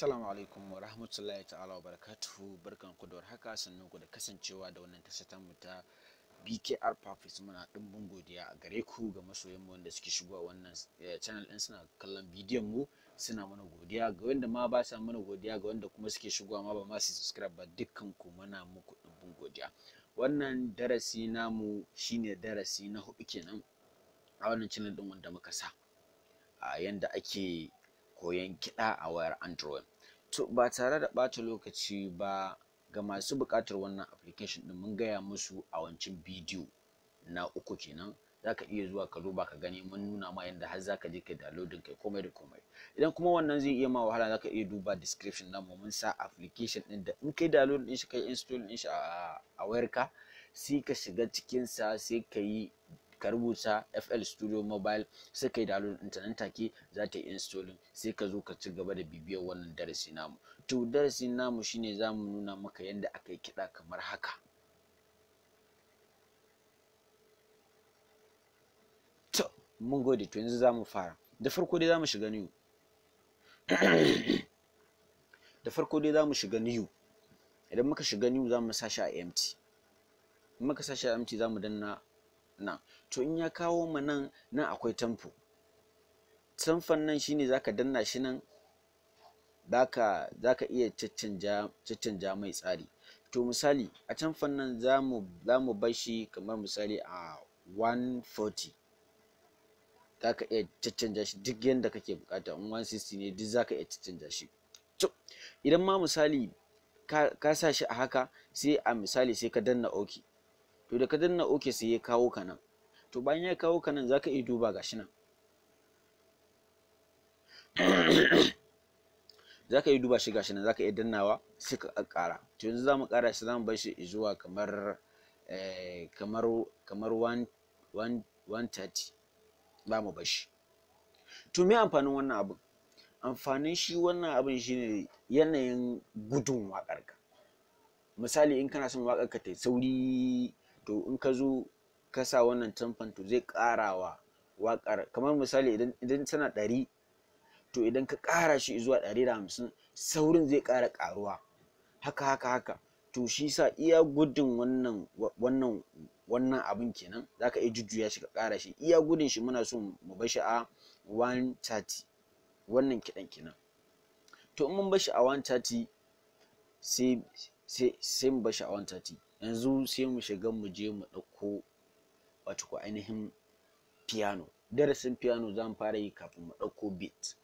Assalamu alaikum wa rahmatullahi ta'ala wa barakatuhu barkan ku da warhaka sannan ku da kasancewa da wannan tashar tamu ta BKR Profits muna dimbin godiya a gare ku ga masoyan mu wanda suke shigowa wannan eh, channel din suna kallon bidiyon mu suna mana godiya ga wanda ma ba sa mana godiya ga wanda kuma suke shigowa ma ba ma su subscribe ba dukkan ku muna muku dimbin godiya wannan darasi namu shine darasi na hudu kenan a wannan channel din wanda muka sa a yanda ake koyon kiɗa a wayar Android. To ba tare da ɓata lokaci ba ga masu buƙatar wannan application ɗin mun gaya musu a wancan bidiyo na uku kenan za ka iya zuwa ka duba ka gani mun nuna ma yadda har za ka je ka downloading kai komai da komai idan kuma wannan zai iya ma wahala za ka iya duba description na mu mun sa application ɗin da in kai download ɗin shi kai install ɗin shi a wayarka sai ka shiga cikin sa sai ka yi ka rubuta FL Studio Mobile sai ka download ɗin internet take za ta yi installing sai ka zo ka ci gaba da bibiyar wannan darasi namu to darasin namu shine za mu nuna maka yadda aka yi kiɗa kamar haka to mun gode to yanzu za mu fara da farko dai za mu shiga niyu da farko dai za mu shiga niyu idan muka shiga niyu za mu sa shi a empty in muka sa shi a empty za mu danna nan to in ya kawo ma nan nan akwai tamfo tamfan nan shine zaka danna shi nan baka zaka iya caccanja caccanja mai tsari to misali a tamfan nan zamu zamu bar shi kamar misali a 140 zaka iya caccanja shi duk yanda kake bukata in 160 ne duk zaka iya caccanja shi idan ma misali ka sa shi a haka sai a misali sai ka danna oki to da ka danna oke sai ya kawo ka nan to bayan ya kawo ka nan za ka iya duba shi nan za ka iya duba shi shi nan za ka iya dannawa sai ka ƙara to yanzu za mu ƙara shi za mu bar shi zuwa kamar eh, kamar kamar 130 za mu bar shi to me amfanin wannan abin amfanin shi wannan abin shi ne yanayin gudun waƙarka misali in kana son waƙarka ta yi sauri to in ka zo ka sa wannan tamfan to zai karawa wakar kamar misali idan tana ɗari to idan ka kara shi zuwa ɗari da hamsin saurin zai kara karuwa haka haka haka to shi sa iya gudun wannan wannan wannan abin kenan za ka iya jujjuya shi ka kara shi iya gudun shi muna so mu shi a 130 wannan kiɗan kenan to in mun shi a 130 sai sai sai mu bashi a 130 yanzu sai mu shiga mu je mu ɗauko wato ko ainihin piano darasin piano za mu fara yi kafin mu ɗauko beat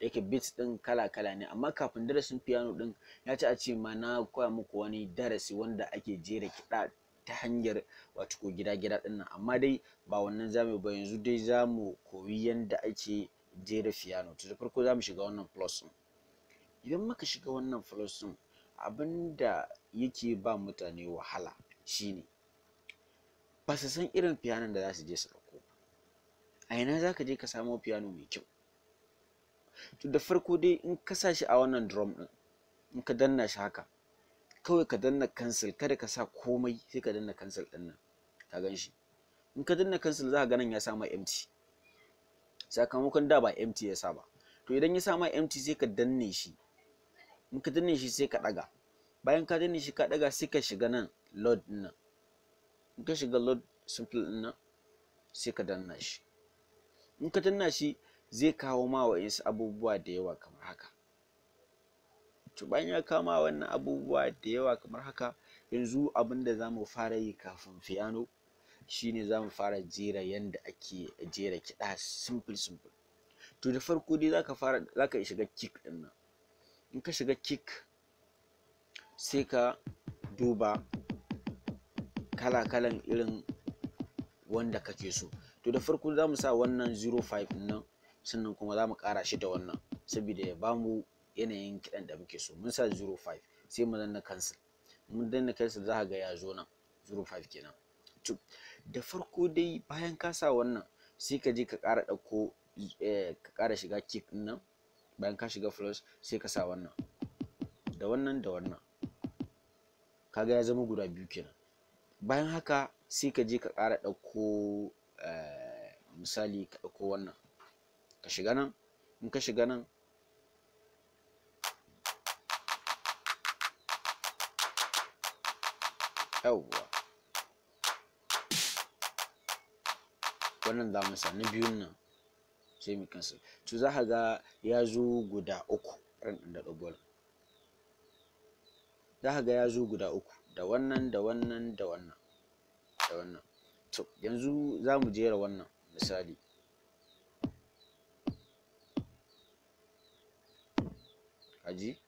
yake beat ɗin kala-kala ne amma kafin darasin piano ɗin ya ci a ce ma na koya muku wani darasi wanda ake jera kiɗa ta hanyar wato ko gida-gida ɗin nan amma dai ba wannan za mu ba yanzu dai za mu koyi yanda ake jera piano to farko za mu shiga wannan plus ɗin idan muka shiga wannan plus ɗin abin da yake ba mutane wahala shine ba su san irin fiyanon da za su je su ɗauko a ina za ka je ka samo fiyano mai kyau to da farko dai in ka sa shi a wannan drum ɗin in ka danna shi haka kawai ka danna cancel kada ka sa komai sai ka danna cancel ɗin nan ka gan shi in ka danna cancel za ka ga ya samu empty sakamakon da ba empty ya sa ba to idan ya sama empty sai ka danne shi in ka danne shi sai ka daga bayan ka danne shi ka daga sai ka shiga nan load nan in ka shiga load simple din nan sai ka danna shi in ka danna shi zai kawo ma yansu abubuwa da yawa kamar haka to bayan ya kama wannan abubuwa da yawa kamar haka yanzu abin da za mu fara yi kafin fiyano shine za mu fara jera yanda ake jera kiɗa simple simple to da farko dai zaka fara zaka shiga kick din nan in ka shiga kick sai ka duba kala-kalan irin wanda kake so to da farko za mu sa wannan 05 nan sannan kuma za mu kara shi da wannan saboda ya bamu yanayin kiɗan da muke so mun sa 05 sai mu danna cancel mun danna cancel za ka ga ya zo nan 05 kenan to da farko dai bayan ka sa wannan sai ka je ka kara ɗauko eh, ka kara shiga kick nan bayan ka shiga flush sai ka sa wannan da wannan da wannan kaga ya zama guda biyu kenan bayan haka sai ka je ka ƙara ɗauko eh, misali ka ɗauko wannan ka shiga nan in ka shiga nan yawwa wannan za mu sa na biyun nan sai mu cancel to za ka ga ya zo guda uku ran da za ka ga ya zo guda uku da wannan da wannan da wannan da wannan to yanzu za mu jera wannan misali aji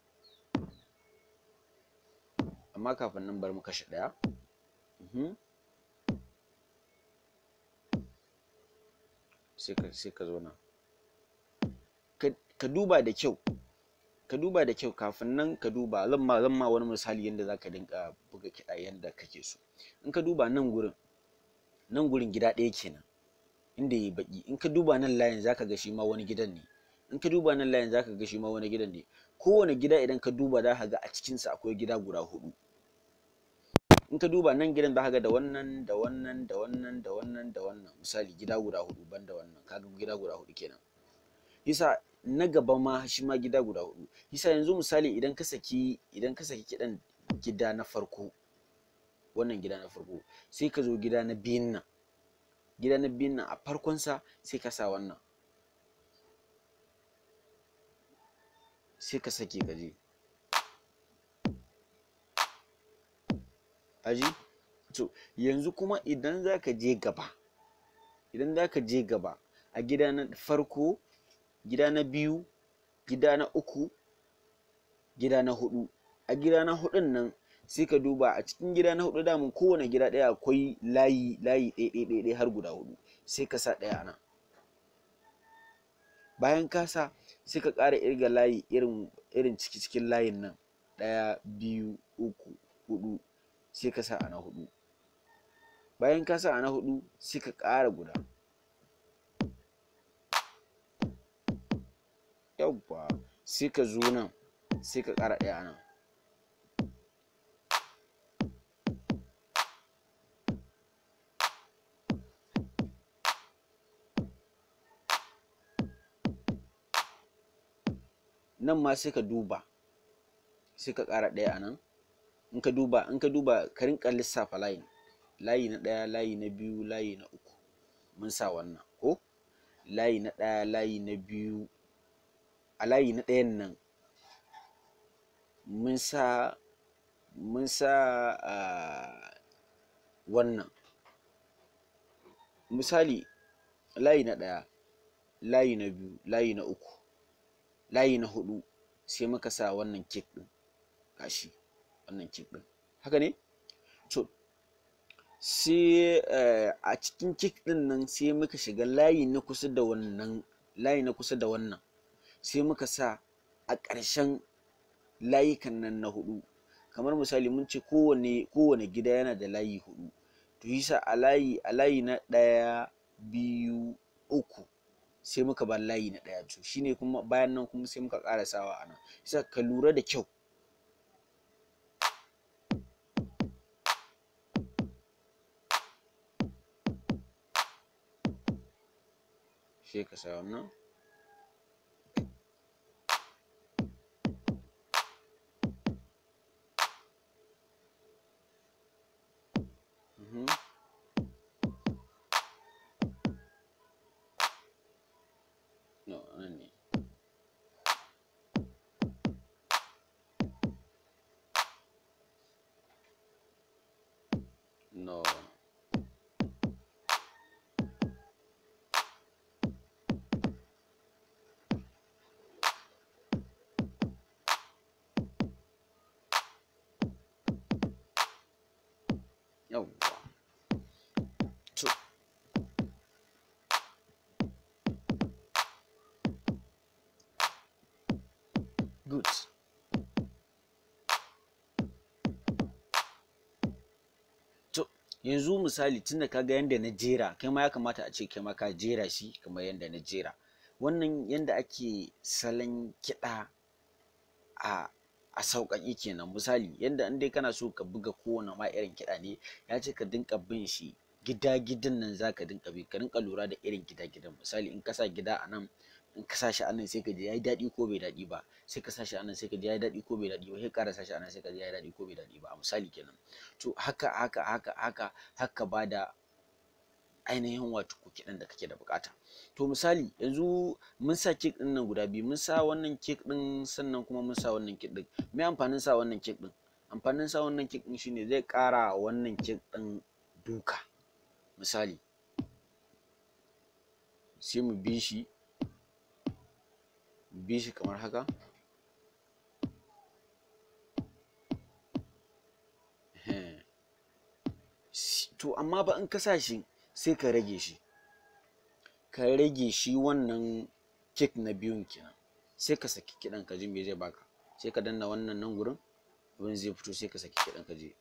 amma kafin nan bar mu kashe ɗaya mhm. sai ka zo nan ka duba da kyau ka duba da kyau kafin nan ka duba zan ma wani misali yadda za ka dinga buga kiɗa yadda kake so in ka duba nan gurin nan gurin gida ɗaya kenan inda yi baƙi, in ka duba nan layin za ka ga shi ma wani gidan ne in ka duba nan layin za ka ga shi ma wani gidan ne kowane gida idan ka duba ka ga a cikinsa akwai gida guda hudu in ka duba nan gidan ka ga da wannan da wannan da wannan da wannan da wannan misali gida guda hudu banda wannan kaga gida guda hudu kenan yasa na gaba ma shi ma gida guda hudu yasa yanzu misali idan ka saki idan ka saki kidan gida na farko wannan gida na farko sai ka zo gida na biyun nan gida na biyun nan a farkon sa sai ka sa wannan sai ka sake gaje aji to yanzu kuma idan za ka je gaba idan za ka je gaba a gida na farko gida na biyu gida na uku gida na hudu a gida na hudun nan sai ka duba a cikin gida na hudu damun kowane gida daya akwai layi layi ɗaya har guda hudu sai ka sa ɗaya nan bayan kasa sai ka ƙara irga layi irin irin ciki cikin layin nan ɗaya biyu uku hudu sai ka sa ana hudu bayan kasa sa ana hudu sai ka ƙara guda sai ka zo nan sai ka ƙara ɗaya nan nan ma sai ka duba sai ka ƙara ɗaya a nan in ka duba in ka duba ka rinka lissafa layin layi na ɗaya layi na biyu layi na uku mun sa wannan ko layi na ɗaya layi na biyu a layi na ɗayan nan mun sa mun sa wannan misali layi na ɗaya layi na biyu layi na uku layi na hudu sai muka sa wannan kek ɗin gashi wannan kek ɗin haka ne to sai eh, a cikin kek ɗin nan sai muka shiga layi na kusa da wannan layi na kusa da wannan sai muka sa a ƙarshen layukan nan na huɗu kamar misali mun ce kowane kowane gida yana da layi hudu to yi a a layi na ɗaya biyu uku sai muka bar layi na ɗaya to shine kuma bayan nan kuma sai muka ƙara sawa a nan sa ka lura da kyau sai us out now. yawwa to to yanzu misali tunda kaga yanda na jera kai ma ya kamata a ce kai ma ka jera shi kamar yanda na jera wannan yanda ake salon kiɗa a a sauƙaƙe kenan misali yanda in dai kana so ka buga kowane ma irin kiɗa ne ya ce ka dinka bin shi gida gidan nan za ka dinka bi ka dinka lura da irin gida gidan misali in ka sa gida a nan in ka sa shi a nan sai ka ji yi daɗi ko bai daɗi ba sai ka sa shi a nan sai ka ji yi daɗi ko bai daɗi ba sai ƙara sa shi a nan sai ka ji yi daɗi ko bai daɗi ba a misali kenan to haka haka haka haka haka ba da ainihin wato kek ɗin da kake da bukata to misali yanzu mun sa kek ɗin nan guda biyu mun sa wannan kek ɗin sannan kuma mun sa wannan kek ɗin me amfanin sa wannan kek ɗin amfanin sa wannan kek ɗin shine zai ƙara wannan kek ɗin duka misali sai mu bi shi bi shi kamar haka to amma ba in ka sa shi sai ka rage shi ka rage shi wannan kek na biyun kenan sai ka saki kiɗan ka ji me zai baka sai ka danna wannan nan gurin abin zai fito sai ka saki kiɗan ka je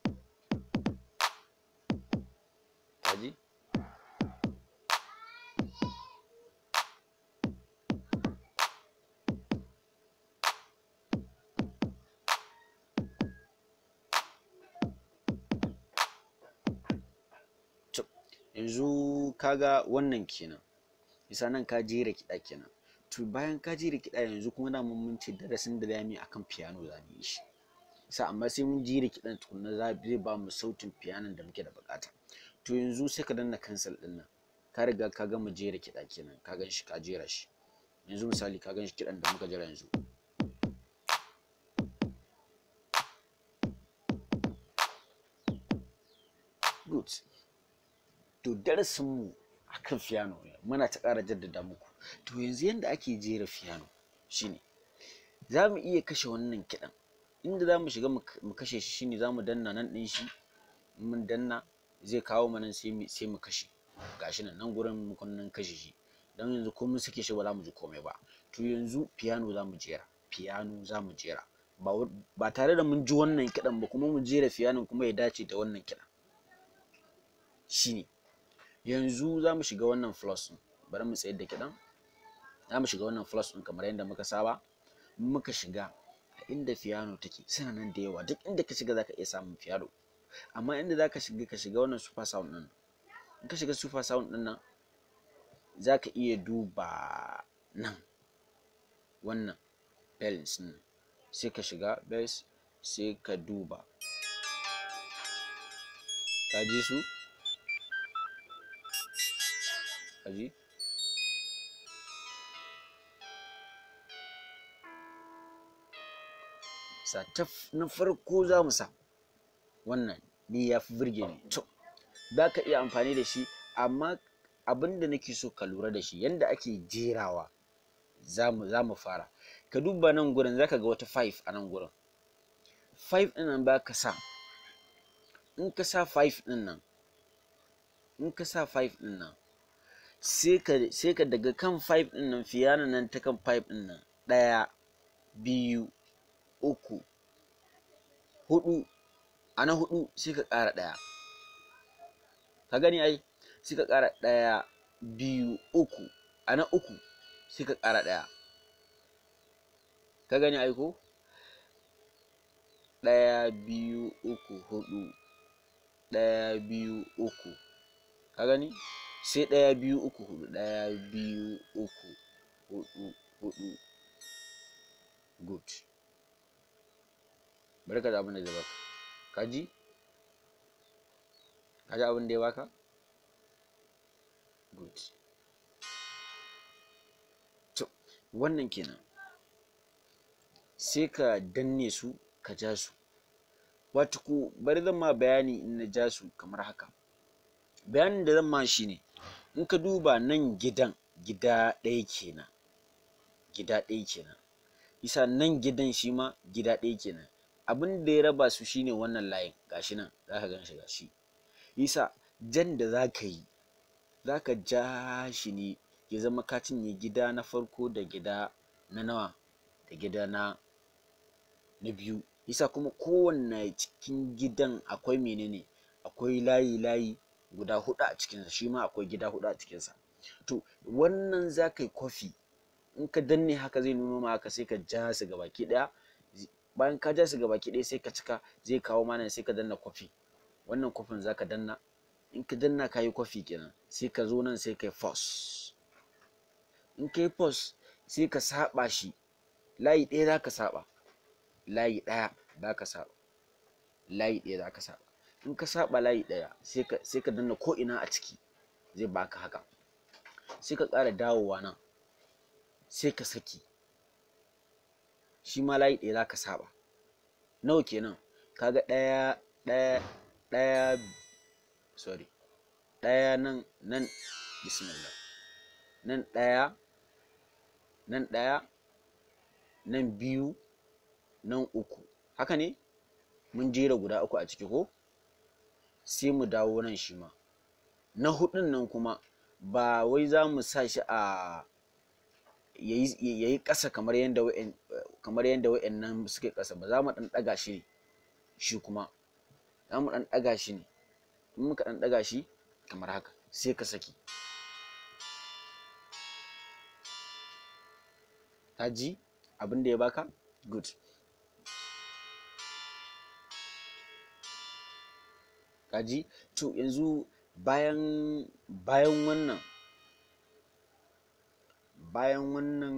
yanzu kaga wannan kenan isa nan ka jera kiɗa kenan to bayan ka jera kiɗa yanzu kuma na mun ce darasin da zamu yi akan piano mu yi shi sa amma sai mun jera kiɗan tukunna zai ba mu sautin piano da muke da bukata to yanzu sai ka danna cancel ɗin nan ka riga ka gama jera kiɗa kenan ka gan shi ka jera shi yanzu misali ka gan shi kiɗan da muka jera yanzu to darasinmu a kan fiyano muna ta ƙara jaddada muku to yanzu yadda ake jera fiyano shine za mu iya kashe wannan kiɗan inda za mu shiga mu kashe shi shine za mu danna nan ɗin shi mun danna zai kawo mana sai mu kashe gashi nan nan gurin mukunnin kashe shi don yanzu ko mun sake shi ba za mu ji komai ba to yanzu fiyano za mu jera fiyano za mu jera ba tare da mun ji wannan kiɗan ba kuma mu jera fiyano kuma ya dace da wannan kiɗan shine yanzu za mu shiga wannan floss bari mu tsayar da kiɗan za mu shiga wannan floss kamar yadda muka saba muka shiga a inda fiyano take suna nan da yawa duk inda ka shiga za ka iya samun fiyano amma inda za ka shiga ka shiga wannan super sound ɗin in ka shiga super sound ɗin nan za iya duba nan wannan bells ɗin sai ka shiga bells sai ka duba ka ji su sa sataf na farko za mu sa wannan ni ya fi birge ni to za ka iya amfani da shi amma abin da nake so ka lura da shi yanda ake jerawa za mu fara ka duba nan gurin za ka ga wata 5 a nan gurin 5 ɗin nan ba ka sa in ka sa 5 ɗin nan in ka sa 5 ɗin nan sai ka daga kan 5 ɗin nan fiyana nan ta kan 5 ɗin nan ɗaya biyu uku hudu a na hudu sai ka ƙara ɗaya ka gani ai sai ka ƙara ɗaya biyu uku a na uku sai ka ƙara ɗaya ka gani ai ko ɗaya biyu uku hudu ɗaya biyu uku ka gani sai ɗaya biyu uku huɗu. ɗaya biyu uku huɗu huɗu good Barka ka abinda zai baka ka ji ka ji abin ya baka good to wannan kenan sai ka danne su ka ja su Wata ko, bari zan ma bayani in na ja su kamar haka bayanin da zan ma shi ne in ka duba nan gidan gida ɗaya kenan gida ɗaya kenan isa nan gidan shi ma gida ɗaya kenan abin da ya raba su shine wannan layin gashi nan za ka ganshi gashi isa jan da za ka yi za ka ja shi ne ya zama ka cinye gida na farko da gida na nawa da gida na na biyu isa kuma kowanne cikin gidan akwai menene akwai layi layi guda hudu a cikinsa shi ma akwai gida hudu a cikinsa to wannan za ka yi kofi in ka danne haka zai nuno ma haka sai ka ja su ga baki daya bayan ka ja su ga baki daya sai ka cika zai kawo mana sai ka danna kofi wannan kofin za ka danna in ka danna ka yi kofi kenan sai ka zo nan sai ka yi fos in ka yi fos sai ka saba shi layi ɗaya za ka saba layi ɗaya za ka saba layi ɗaya za ka saba in ka saba layi ɗaya sai ka danna ko'ina a ciki zai baka haka sai ka ƙara dawowa nan sai ka saki shi ma layi ɗaya za ka saba nawa kenan kaga ɗaya ɗaya ɗaya sorry ɗaya nan nan bismillah nan ɗaya nan ɗaya nan biyu nan uku haka ne mun jera guda uku a ciki ko sai mu dawo nan shi ma na hudun nan kuma ba wai za mu sa shi a ya yi ƙasa kamar yadda kamar yadda wa'annan suke ƙasa ba za mu ɗan ɗaga shi ne shi kuma za mu ɗan ɗaga shi ne in muka ɗan ɗaga shi kamar haka sai ka saki ta ji abin da ya baka good kaji to yanzu bayan bayan wannan bayan wannan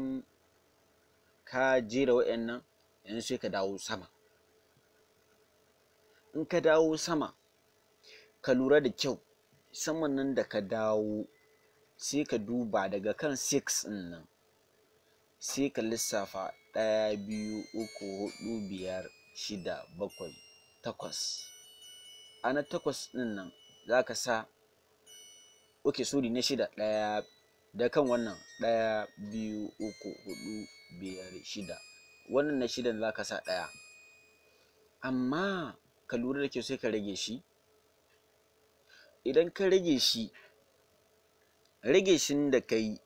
ka jera wa'annan yanzu sai ka dawo sama in ka dawo sama ka lura da kyau saman nan da ka dawo sai ka duba daga kan 6 nan sai ka lissafa ɗaya biyu uku hudu biyar shida bakwai takwas a na takwas ɗin nan za ka sa oke suri na shida ɗaya da kan wannan ɗaya biyu uku hudu biyar shida wannan na shidan za ka sa ɗaya amma ka lura da kyau sai ka rage shi idan ka rage shi rage shin da ka yi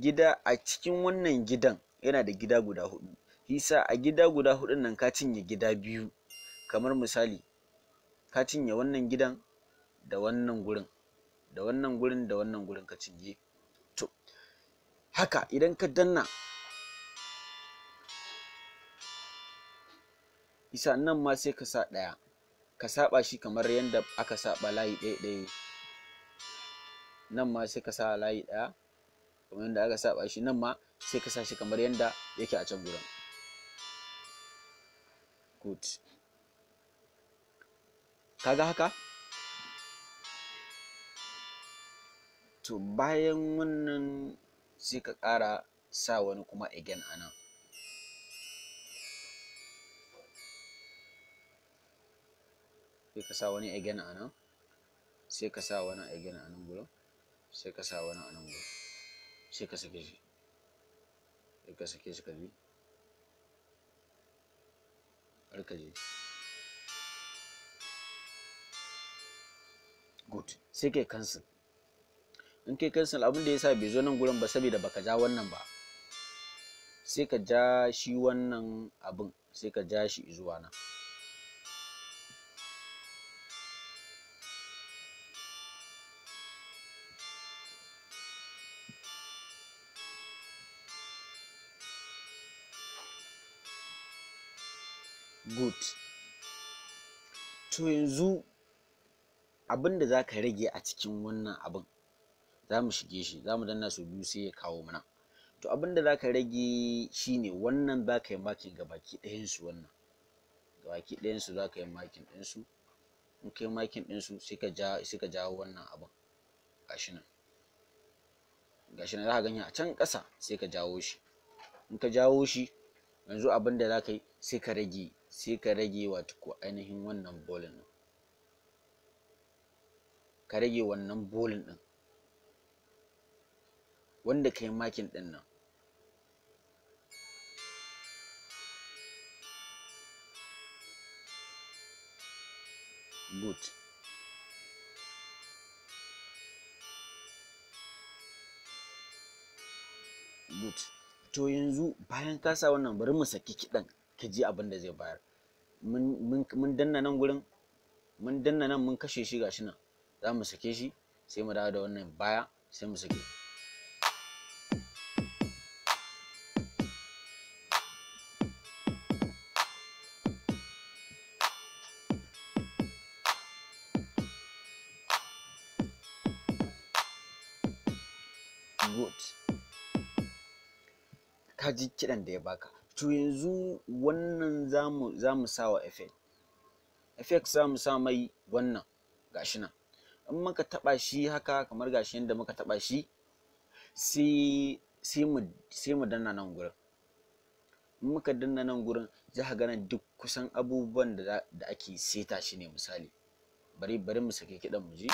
gida a cikin wannan gidan yana da gida guda hudu hisa a gida guda hudun nan ka cinye gida biyu kamar misali ka cinye wannan gidan da wannan gurin da wannan gurin da wannan gurin ka cinye to haka idan ka danna isa nan ma sai ka sa ɗaya ka saba shi kamar yadda aka saba layi ɗaya ɗaya nan ma sai ka sa layi ɗaya kamar yadda aka saba shi nan ma sai ka sa shi kamar yadda yake a can gurin good kaga haka to bayan wannan sai ka ƙara sa wani kuma again a nan sai ka sa wani again a nan sai ka sa wani again a nan gurin sai ka sa wani a nan gurin sai ka sake shi sai ka sake shi ka bi har ka je good sai kai cancel in kai cancel abin da yasa bai zo nan gurin ba saboda baka ja wannan ba sai ka ja shi wannan abin sai ka ja shi zuwa nan good to yanzu abin da za ka rage a cikin wannan abin za mu shige shi za mu danna su biyu sai ya kawo mana to abin da za ka rage ne wannan za ka yi makin ga baki ɗayansu wannan ga baki ɗayansu za ka yi makin ɗinsu in yi makin ɗinsu sai ka jawo wannan abin gashi nan gashi nan za ka ganya a can ƙasa sai ka jawo shi in ka jawo shi yanzu abin da za ka yi sai ka rage sai ka rage wato ainihin wannan bolin nan ka rage wannan bolin ɗin wanda ka yi makin ɗin nan good good to yanzu bayan ka sa wannan bari mu saki kiɗan ka ji abin da zai bayar mun danna nan gurin mun danna nan mun kashe shi gashi nan za mu sake shi sai mu dawo da wannan baya sai mu sake ka ji kiɗan da ya baka to yanzu wannan za mu sa wa effect effect za mu sa mai wannan gashi nan in muka taɓa shi haka kamar gashi yadda muka taba shi sai mu danna nan gurin in muka danna nan gurin za ka gana duk kusan abubuwan da ake seta shi ne misali bari bari mu sake kiɗan mu ji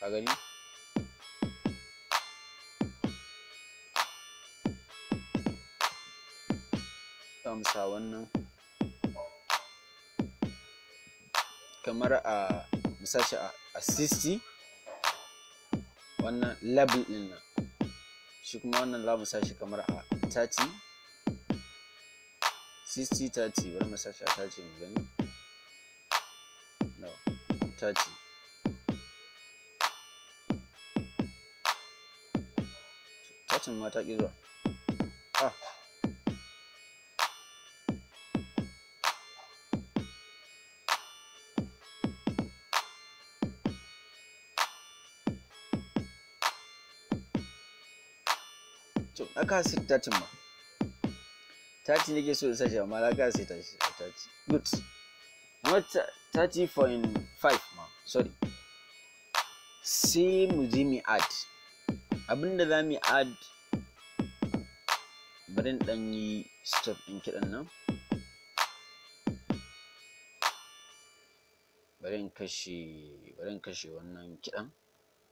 ka gani sa wannan kamar a misashi a 60 wannan level ɗin nan shi kuma wannan za mu sashi kamar a 30 60 30 bari mu sashi a 30 mu gani no 30 30 ma ta ƙi zuwa aka su tatin ma tati nake so in sashi amma aka su tashi tati good not 30.5 ma sorry sai mu je mi add abinda za mi add bari in dan yi stop din kiɗan nan bari in kashe bari in kashe wannan kiɗan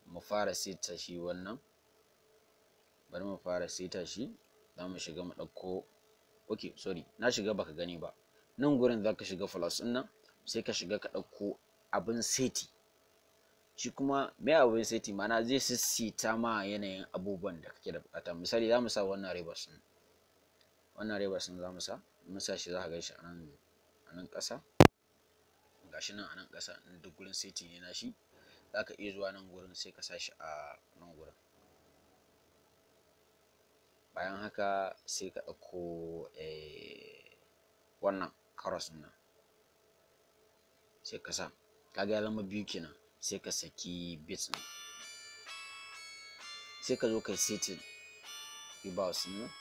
mu fara seta shi wannan bari mu fara seta shi za mu shiga mu ɗauko ok sorry na shiga baka gani ba nan gurin za ka shiga plus ɗin nan sai ka shiga ka ɗauko abin seti shi kuma me abin seti mana zai sissita ma yanayin abubuwan da kake da bukata misali za mu sa wannan reverse din wannan reverse din za mu sa mun sa shi za ka gaishe anan nan ƙasa gashi nan anan kasa ƙasa duk gurin seti ne na shi za ka iya zuwa nan gurin sai ka sa shi a nan gurin bayan haka sai ka ɗauko eh, wannan karas nan sai ka sa kaga ya zama biyu kenan sai ka saki bit nan sai ka zo kai setting rebounds nan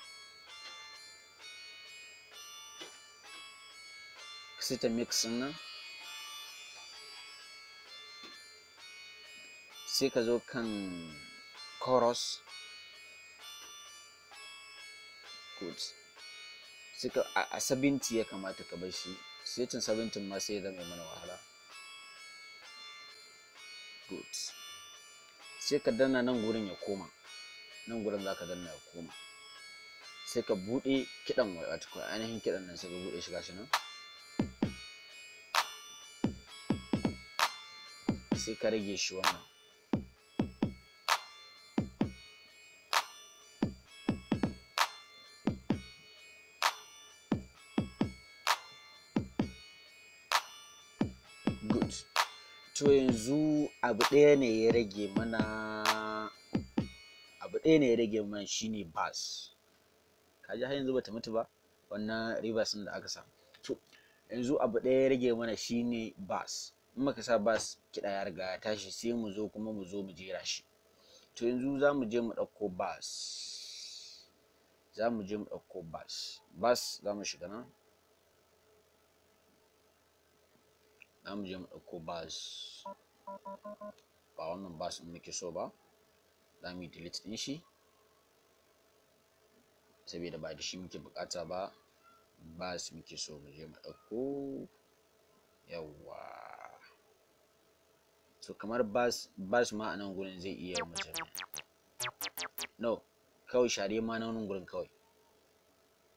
ka seta mix nan sai ka zo kan chorus codes suka a sabinci ya kamata ka bar shi sai 70 ma sai ya zama mana wahala good sai ka danna nan gurin ya koma nan gurin za ka danna ya koma sai ka buɗe kiɗan wato ainihin kiɗan nan sai ka buɗe shi gashi nan sai ka rage shi wannan abu ɗaya ne ya rage mana abu ɗaya ne ya rage mana shine bas kaji har yanzu bata mutu ba wannan rivers da aka sa. to yanzu abu ɗaya ya rage mana shine bas in muka sa bas kiɗa ya riga ya tashi sai mu zo kuma mu zo mu jera shi to yanzu za mu je mu ɗauko bas za mu je mu ɗauko bas bas za mu shiga nan za mu je mu ɗauko bas ba wannan bas ɗin nake so ba za mu yi delete ɗin shi saboda ba da shi muke buƙata ba bas muke so mu je mu ɗauko yawwa so kamar bas bas ma a nan gurin zai iya mace no kawai share ma na wani gurin kawai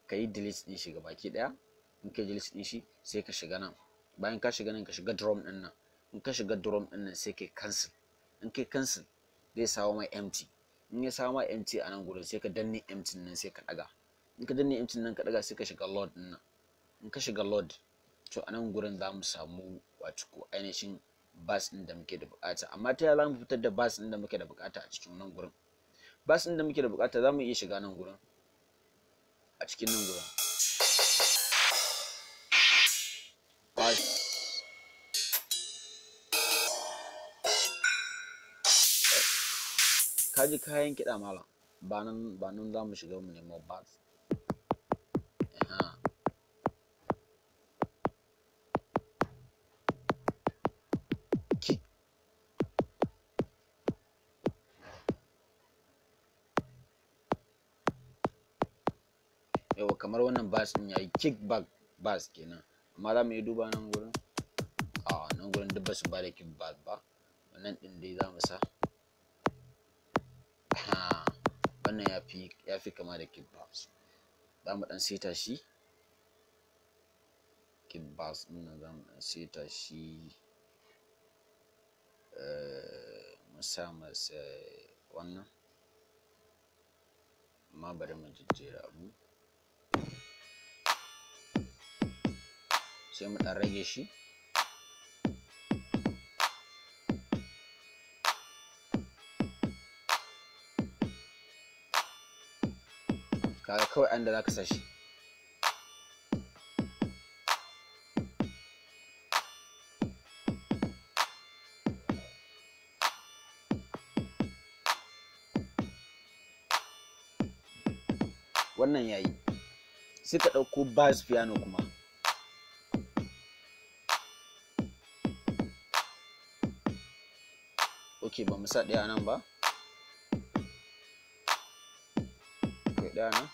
ka yi delete ɗin shi gabaki ɗaya in ka delete ɗin shi sai ka shiga nan bayan ka shiga nan ka shiga drum ɗin nan in ka shiga drum din nan sai kai cancel in kai cancel zai sawo mai empty in ya sawo mai empty a nan gurin sai ka danne empty nan sai ka daga in ka danne empty nan ka daga sai ka shiga load din nan in ka shiga load to a nan gurin za mu samu wato ko ainihin bas ɗin da muke da bukata amma ta za mu fitar da bas ɗin da muke da bukata a cikin nan gurin bas ɗin da muke da bukata za mu iya shiga nan gurin a cikin nan gurin ka ji kayan kiɗa mala ba nan ba za mu shiga mu nemo ba yawa kamar wannan bas ɗin yayi kickback bas kenan amma za mu duba nan gurin a nan gurin duk ba su ba da kickback ba wannan ɗin dai za mu sa wannan ya fi kama da kibbas za mu ɗan seta shi kibbas ɗin nan za mu ɗan seta shi eh, mu sa masa eh, wannan amma bari mu jejjera abu sai mu ɗan rage shi kaga kawai an da za ka sa shi wannan yayi sai ka ɗauko bass piano kuma ok ba mu sa ɗaya nan ba ɗaya nan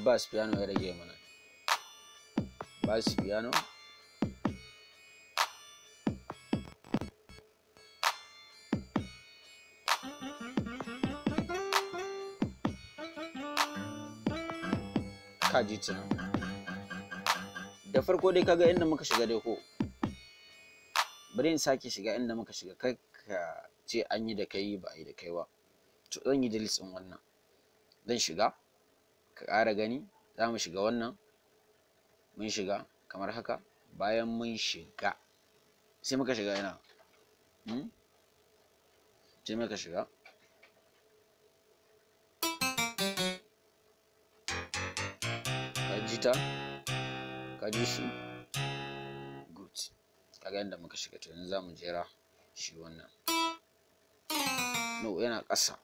bass piano ya rage mana bass piano kaji da farko dai kaga inda muka shiga dai ko bari in sake shiga inda muka shiga kai ka ce an yi da kai ba a yi da kai ba to zan yi delete wannan zan shiga ka ƙara gani za mu shiga wannan mun shiga kamar haka bayan mun shiga sai muka shiga yana hmm? sai muka shiga ka ji ta ka ji shi good kaga yadda muka shiga to yanzu za mu jera shi wannan no yana ƙasa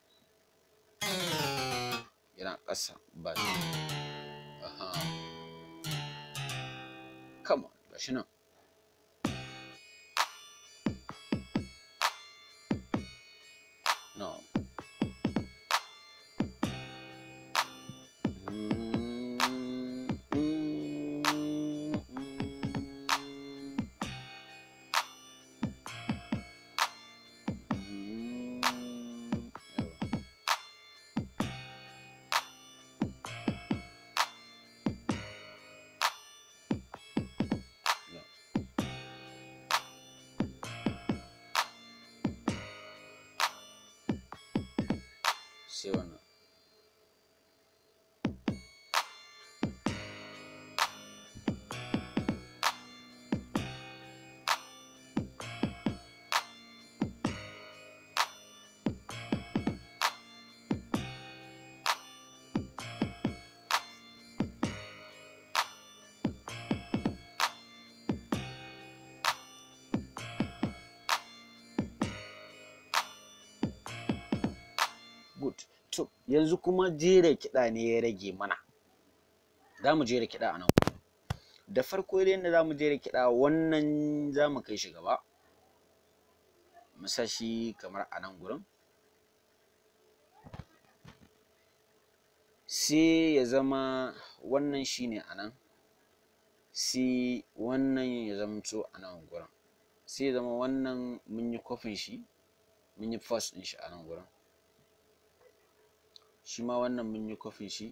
yana ƙasa ba aha kama gashi nan всего. good to yanzu kuma jera kiɗa ne ya rage mana za mu jera kiɗa a nan da farko dai inda za mu jera kiɗa wannan za mu kai shi gaba mu shi kamar a nan gurin sai ya zama wannan shi ne a nan sai wannan ya zamto a nan gurin sai ya zama wannan mun yi kofin shi mun yi first din shi a nan gurin shi ma wannan mun yi kofin shi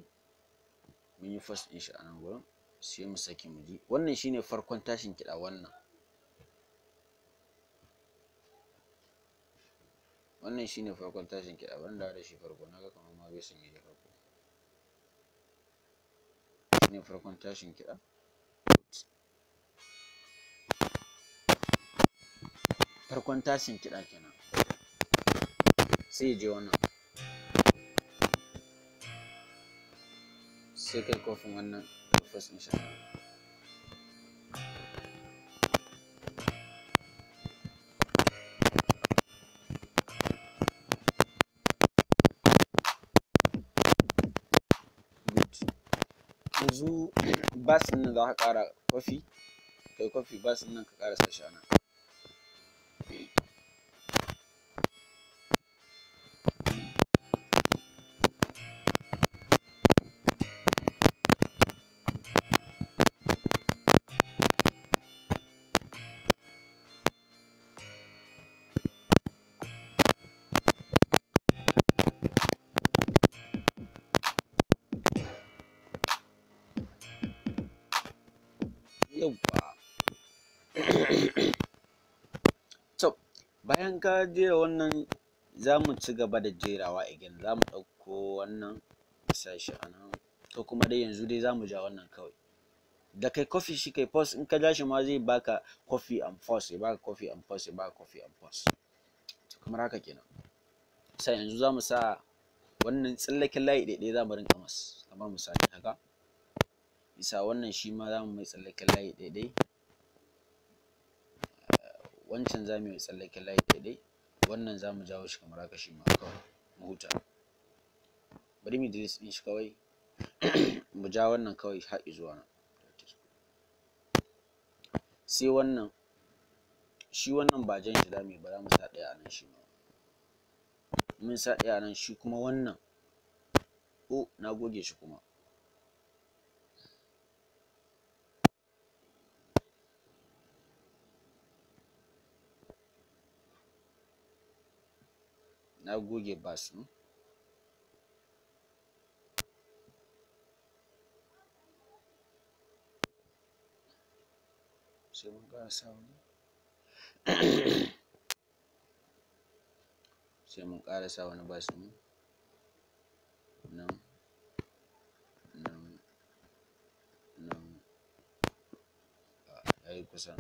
mun yi first din shi a nan gurin sai mu saki mu ji wannan shine farkon tashin kiɗa wannan wannan shine farkon tashin kiɗa ban da shi farko naga kamar ma bai san yaje farko shine farkon tashin kiɗa farkon tashin kiɗa kenan sai je wannan sai kai kofin wannan rufus insha Allah yanzu basin nan za ka kara kofi kai kofi basin nan ka kara sa shana ka jera wannan za mu ci gaba da jerawa again za mu ɗauko wannan sashi a nan ko kuma dai yanzu dai za mu ja wannan kawai da kai kofi shi kai post in ka ja shi ma zai baka kofi and post ya baka kofi and post ya baka kofi and post kamar haka kenan sai yanzu za mu sa wannan tsallaken layi ɗaiɗai za mu rinka mas kamar misali haka bisa wannan shi ma za mu mai tsallaken layi ɗaiɗai wancan za mu yi tsallaken layi daidai wannan za mu jawo shi kamar haka shi ma kawai mu huta bari mu dirisi din shi kawai mu ja wannan kawai har zuwa nan sai wannan shi wannan ba jan shi za mu yi ba za mu sa ɗaya a nan shi ma mun sa ɗaya a nan shi kuma wannan oh na goge shi kuma na goge bas ɗin sai mun kara sa wani bas ɗin nan nan nan ah, ya yi kusan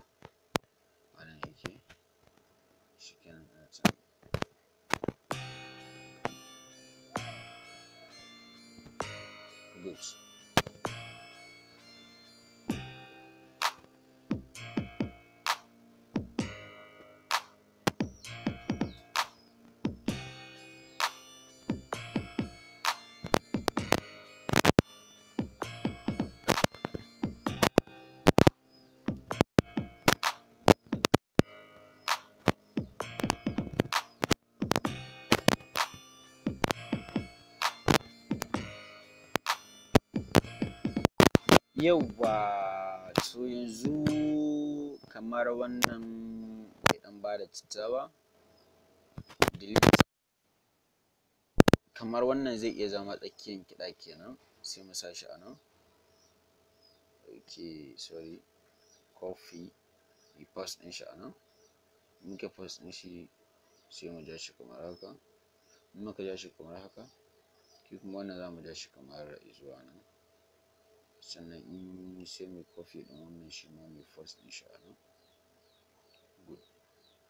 News. Yauwa! To yanzu kamar wannan bai ɗan bada citta ba, Kamar wannan zai iya zama tsakiyan kiɗa kenan, sai mu sa shi a nan. Ok, sorry, coffee yi paste ɗin shi a nan. In muka paste ɗin shi sai mu ja shi kamar haka, in muka ja shi kamar haka, shi kuma wannan za mu ja shi kamar zuwa nan. sannan in yi sai mai kofi ɗin wannan shi ma mai first ɗin shi a nan good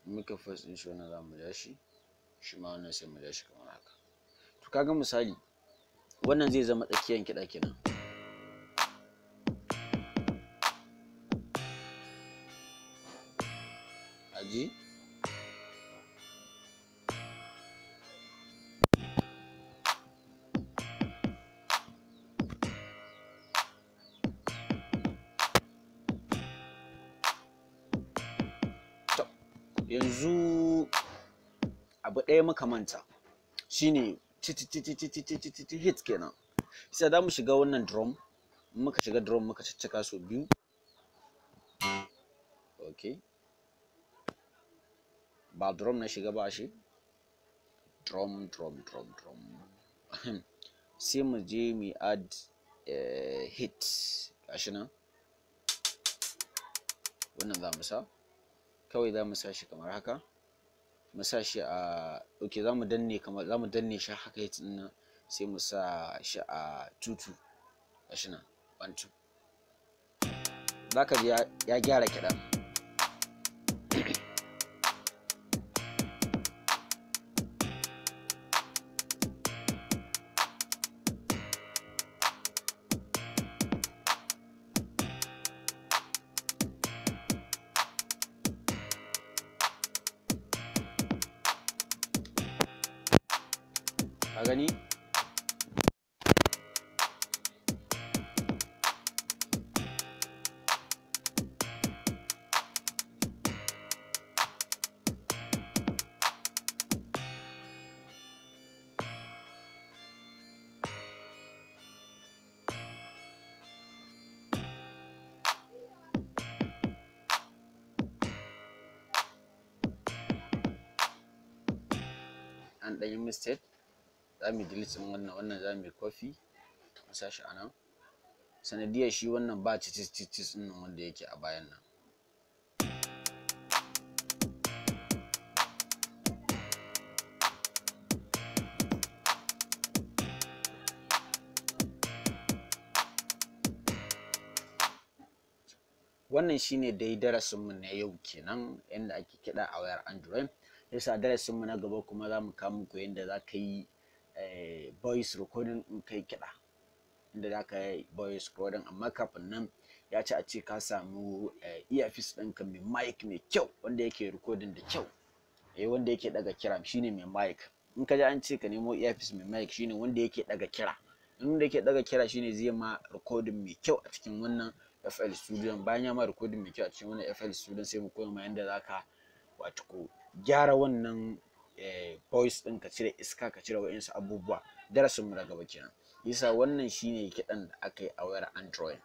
muka first ɗin shi wannan za mu ja shi shi ma wannan sai mu ja shi kamar haka to kaga misali wannan zai zama tsakiyan kiɗa kenan aji yanzu abu ɗaya muka manta shine hit kenan sai za mu shiga wannan drum muka shiga drum muka su biyu ba drum na shiga ba shi drum drum drum drum mu je mu add hit gashi nan wannan za mu sa kawai za mu sa shi kamar haka mu sa shi a ok za mu danne kamar za mu danne shi haka yi nan sai mu sa shi a tutu gashi nan one two za ka ya gyara kiɗan company and you missed it. za mu delete wannan wannan za mu yi kofi mu sa a nan sanadiyar shi wannan ba cicis cicis ɗin wanda yake a bayan nan wannan shine dai darasinmu na yau kenan inda ake kiɗa a wayar android yasa darasinmu na gaba kuma zamu mu kawo muku yadda za ka yi Eh, voice recording in kai kiɗa inda za ka yi voice recording amma kafin nan ya ci a ce ka samu eh, earpiece ɗinka mai mic mai kyau wanda yake recording da kyau eh wanda yake daga kira shine mai mic in ka ji an ce ka nemo earpiece mai mic shine wanda yake daga kira in wanda yake daga kira shine zai ma recording mai kyau a cikin wannan FL Studio bayan ya ma recording mai kyau a cikin wannan FL Studio sai mu koya ma yanda ka wato gyara wannan Eh, voice din ka cire iska ka cire wa'insu abubuwa darasin mu na gaba kenan yasa wannan shine kiɗan da aka yi a wayar android